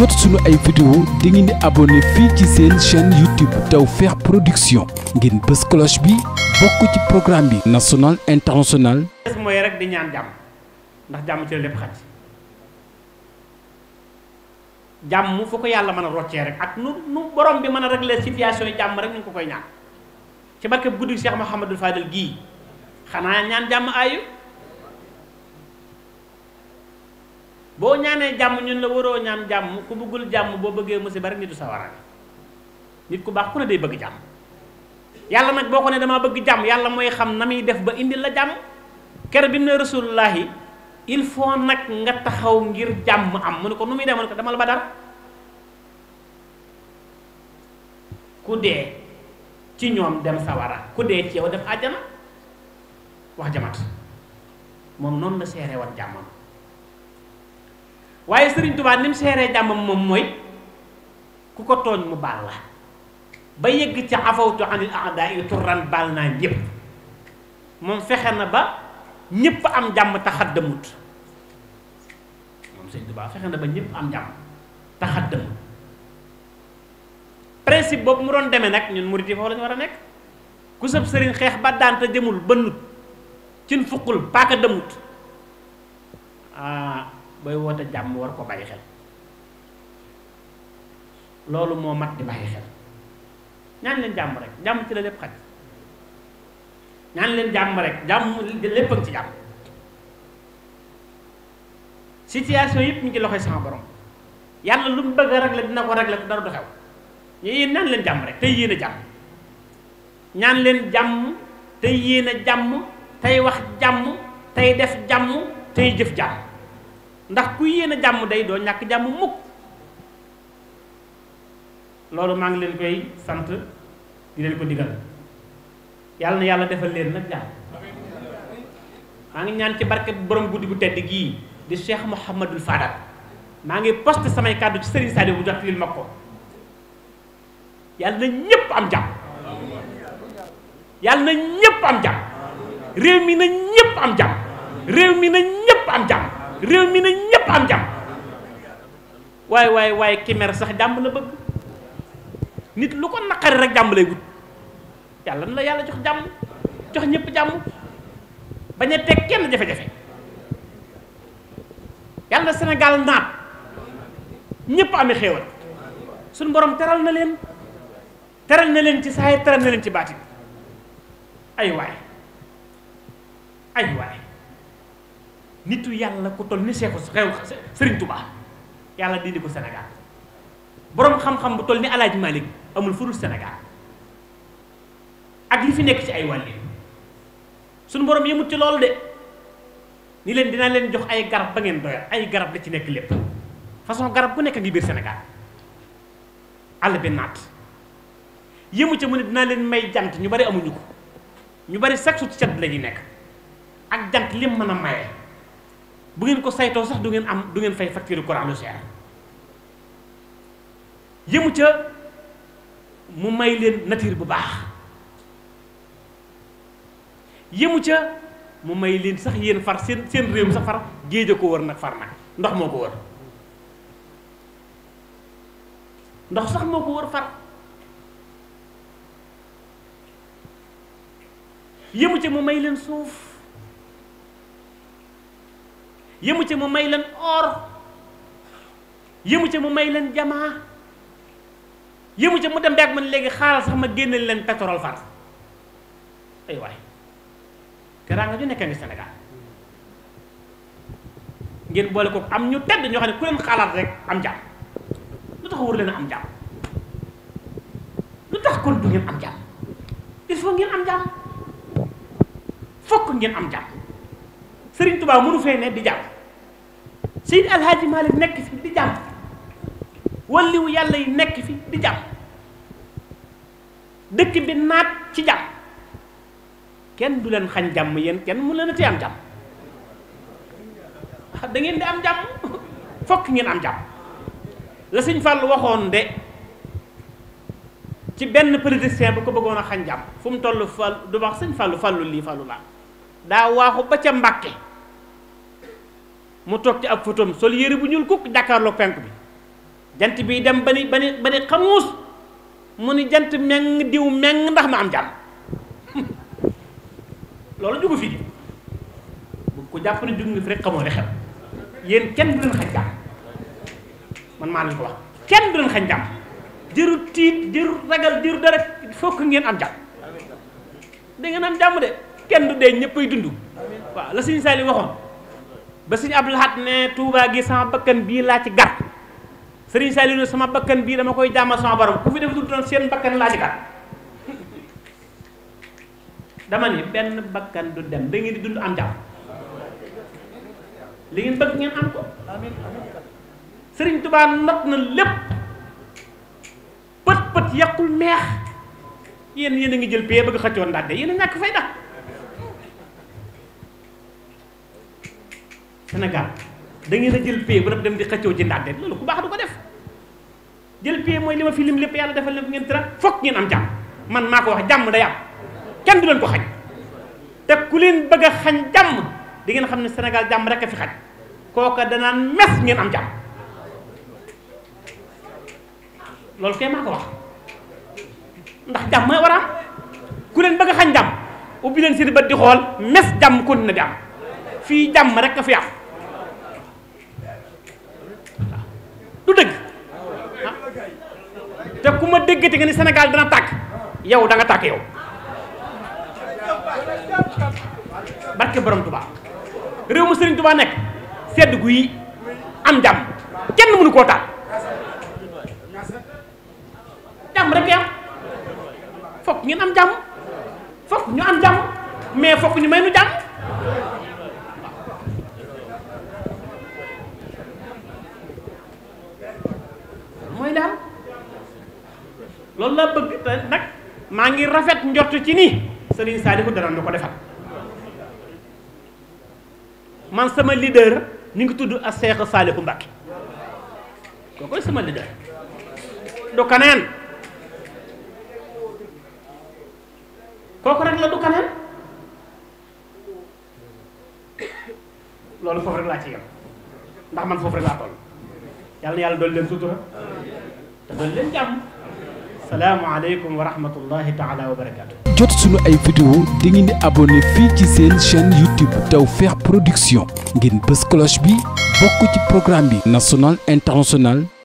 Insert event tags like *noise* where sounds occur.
jot suñu ay vidéo da ngeen di abonné fii ci seen chaîne YouTube Tawfekh Production ngeen bës cloche bi bokk ci programme bi national international mooy rek di ñaan jàmm ndax jàmm ci la lépp xaj jàmm fu ko yàlla mën a roccee rek ak nu nu borom bi mën a régler situation yi jàmm rek ñu ngi ko koy ñaan ci barkeb guddi Cheikh Mouhamadou Fadel gii xanaa ñaan jàmm ayu boo ñaanee jàmm ñun la waroo ñaan jàmm ku bëggul jàmm boo bëggee musiba rek du sawara nit ku baax ku ne day bëgg jàmm yàlla nag boo ko ne damaa bëgg jàmm yàlla mooy xam na muy def ba indi la jàmm kere bi mu ne rasulullahi il faut nag nga taxaw ngir jàmm am mu ne ko nu muy dem mu ne ko demal Badar ku dee ci ñoom dem sawara ku dee ci yow def àjjana wax jamat moom noonu la seere wat jàmmam waaye sëriñ Tuubaa ni mu seeree jàmmam moom mooy ku ko tooñ mu baal la ba yëgg ci afawtu anil aada yi turan baal naa ñëpp moom fexe na ba ñépp am jàmm taxaddamut na ba ñëpp am jàmm taxaddamut principe boobu mu doon demee nag ñun murit yi foofu ñu war a nekk ku sëb sëriñ xeex ba daanta jëmul bënnut cin fuqul paaka dëmut bay woote jàmm war ko bàyyi xel loolu moo mat di bàyyi xel ñaan leen jàmm rek jàmm ci la lépp xaj ñaan leen jàmm rek jàmm lépp a ci jàmm situation yëpp ñu ngi loxoy sama borom yàlla lu mu bëgg a régler dina ko régler dara du xew ñu yéen ñaan leen jàmm rek tey yéen a jàmm ñaan leen jàmm tey yéen a jàmm tey wax jàmm tey def jàmm tey jëf jàmm ndax ku yéen a jàmm day doo ñàkk jàmm mukk loolu maa ngi leen koy sant di leen ko digal yàlla na yàlla defal leen nag jàmm maa ngi ñaan ci barke borom guddi gu tedd gii di Cheikh Mouhamadul Fadal maa ngi posté samay kàddu ci Serigne Sadio bu jot lil ma ko yàlla na ñépp am jàmm yàlla na ñépp am jàmm réew mi na ñépp am jàmm réew mi na ñépp am jàmm réew mi na ñépp am jàmm waaye waaye waaye ki sax jàmm la bëgg nit lu ko naqari rek jàmm lay wut yàlla na la yàlla jox jàmm jox ñépp jàmm bañ a teg kenn jafe-jafe yàlla Sénégal naat ñépp amee xéewal suñu borom teral na leen teral na leen ci saay teral na leen ci baati ay waay ay waay nitu yàlla ku toll ni Cheikh xew Serigne Touba yàlla dindi ko Sénégal borom xam-xam bu toll ni El Hadj amul furul Sénégal ak li fi nekk ci ay wàll suñu borom yëmut ci loolu de ni leen dinaa leen jox ay garab ba ngeen doyal ay garab la ci nekk lépp façon garab bu nekk ngi biir Sénégal àll bi naat yëmu ca mu ne dinaa leen may jant ñu bari amuñu ko ñu bari saksu ci cat la ñuy nekk ak jant lim mën a maye. bu ngeen ko saytoo sax du ngeen am du ngeen fay facture courant lu cher yëmu ca mu may leen nature bu baax yëmu ca mu may leen sax yéen far seen seen réew sax far géej a ko wër nag far nag ndox moo ko wër ndox sax moo ko wër far yëmu ca mu may leen suuf yëmu ci mu may leen or yëmu ci mu may leen jamaa yëmu ca mu dem beeg man léegi xaaral sax ma génneel leen pétrole far ay waay teraanga ju nekkee ngi Sénégal ngeen boole ko am ñu tedd ñoo xam ne ku leen xalaat rek am jàmm lu tax wër leen am jàmm lu tax kon du ngeen am jàmm il faut ngeen am jàmm fokk ngeen am jàmm Sëriñ Tuubaa mënu fee ne di jàmm Seydi Alhaaji nekk fi di jàmm walliwu yàlla yi nekk fi di jàmm dëkk bi naat ci jàmm kenn du leen xañ jàmm yéen kenn mu leen a am jàmm ah, da ngeen di am jàmm *laughs* fokk ngeen am jàmm la sëñ Fall waxoon de ci benn politicien bu ko bëggoon a xañ jàmm fu mu toll Fall du wax sëñ Fallu Fallu lii Fallu laa daa waaxu ba ca Mbàkke mu toog ci ab fotom sol yére bu ñuul kukk jàkkaarloo penk bi jant bii dem ba ni ba ni ba ni xamuus mu ni jant meng diw meng ndax ma am jàmm *laughs* loolu jugu fii bu ko jàpp ne jug nga fi rek xamoo li xew yéen kenn du leen xañ jàmm man maa leen ko wax kenn du leen xañ jàmm jëru tiit jëru ragal jëru dara fokk ngeen am jàmm da am jàmm de kenn du dee ñëppay dund waaw la Sëñ Saali waxoon ba sëñ Abdul Ahad ne Touba gi sama bakkan bii laa ci gar sëriñ Saliou sama bakkan bii dama koy jàmmal sama borom ku fi def lu doon seen bakkan laa ci gar dama ni benn bakkan du dem da ngeen di dund am jàmm li ngeen bëgg ngeen am ko sëriñ Touba not na lépp pët pët yàqul meex yéen yéen ngi jël pee bëgg xëccoon ndàdde yéen a ñàkk fay dax senegal da ngeen jël paie ba dem di xëccoo ci ndànk loolu ku baax du ko def jël paie mooy li a fi lim lépp yàlla defal leen ngeen dara foog ngeen am jàmm man maa ko wax jàmm day am kenn du leen ko xañ te ku leen bëgg a xañ jàmm di ngeen xam ne Sénégal jàmm rek a fi xaj kooka danaan mes ngeen am jàmm loolu kay maa ko wax ndax jàmm mooy war a am ku leen bëgg a xañ jàmm ubbi leen seen bët di xool mes jàmm kon na di am fii jàmm rek a fi am. du dëgg te ku ma déggati nga ni Sénégal dana tàkk yow da nga tàkk yow barke borom Touba réew mu Serigne Touba nekk sedd gu yi am jàmm kenn mënu koo taal jàmm rek yam fokk ngeen am jàmm fokk ñu am jàmm mais fokk ñu may nu jàmm loolu laa bëgg te nag maa ngi rafet njort ci ni Serigne Saliou dana nu ko defal man sama leader mi ngi tudd a Cheikh Saliou Mbacké kookoy sama leader du kaneen kooku rek la du kaneen loolu foofu rek laa ci yem ndax man foofu rek laa toll yàlla na yàlla doon leen sutura te doon leen jàmm asalaamualeykum wa rahmatullahi taala wa barakaatu. jot suñu ay vidéo di ngeen di abonné fii ci seen chaîne YouTube Tawfekh Production ngeen bës cloche bi bokk ci programme bi national international